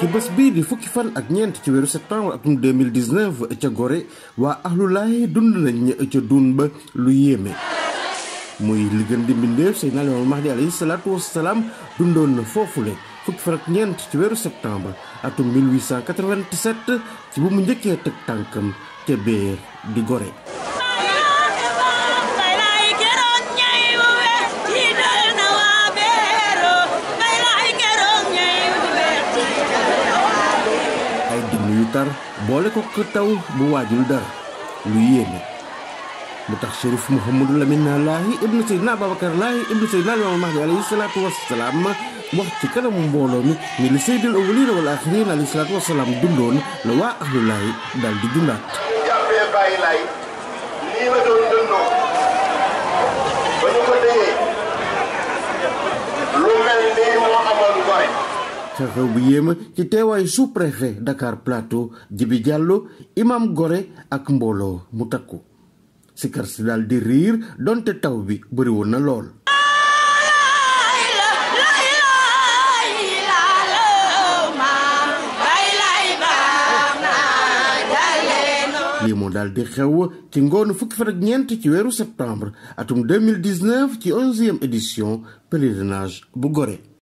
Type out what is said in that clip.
ci bés bii di fukki fan ak ñeent ci weeru septembre atum 2019 ca gore waa Ahlou Lahi dund nañ ca duun ba lu yéeme muy li gën di mbindeef Seydina Limaamu Mahdi alayhi salaatu dundoon na foofule fukki fan ak ñeent ci weeru septembre atum 1887 ci bu mu njëkkee teg tànkam ca biir di gore tar boole ko ko taw bu waajul dara lu yéeme mu tax shérif mouhamadou lamine laahi ibnu seydina ababacar laahi ibnu seydina limaam mahdi alayhi salaatu wasalaam wax ci kanamu mbooloo mi ni li seydil awwalina wal axirin alayhi salaatu wasalaam dundoon la waa ahlu laahi daal di dundaat jàppee bàyyi laay xew-xew bu yéema ci teewaayu sous-préfet Dakar Plateau Djibi Diallo imam Gore ak mbooloo mu takku sikar si daal di riir donte taw bi bëri woon na lool lii moo daal di xew ci ngoonu fukki fan ak ñeent ci weeru septembre atum 2019 ci 11e édition pèlerinage bu Gorée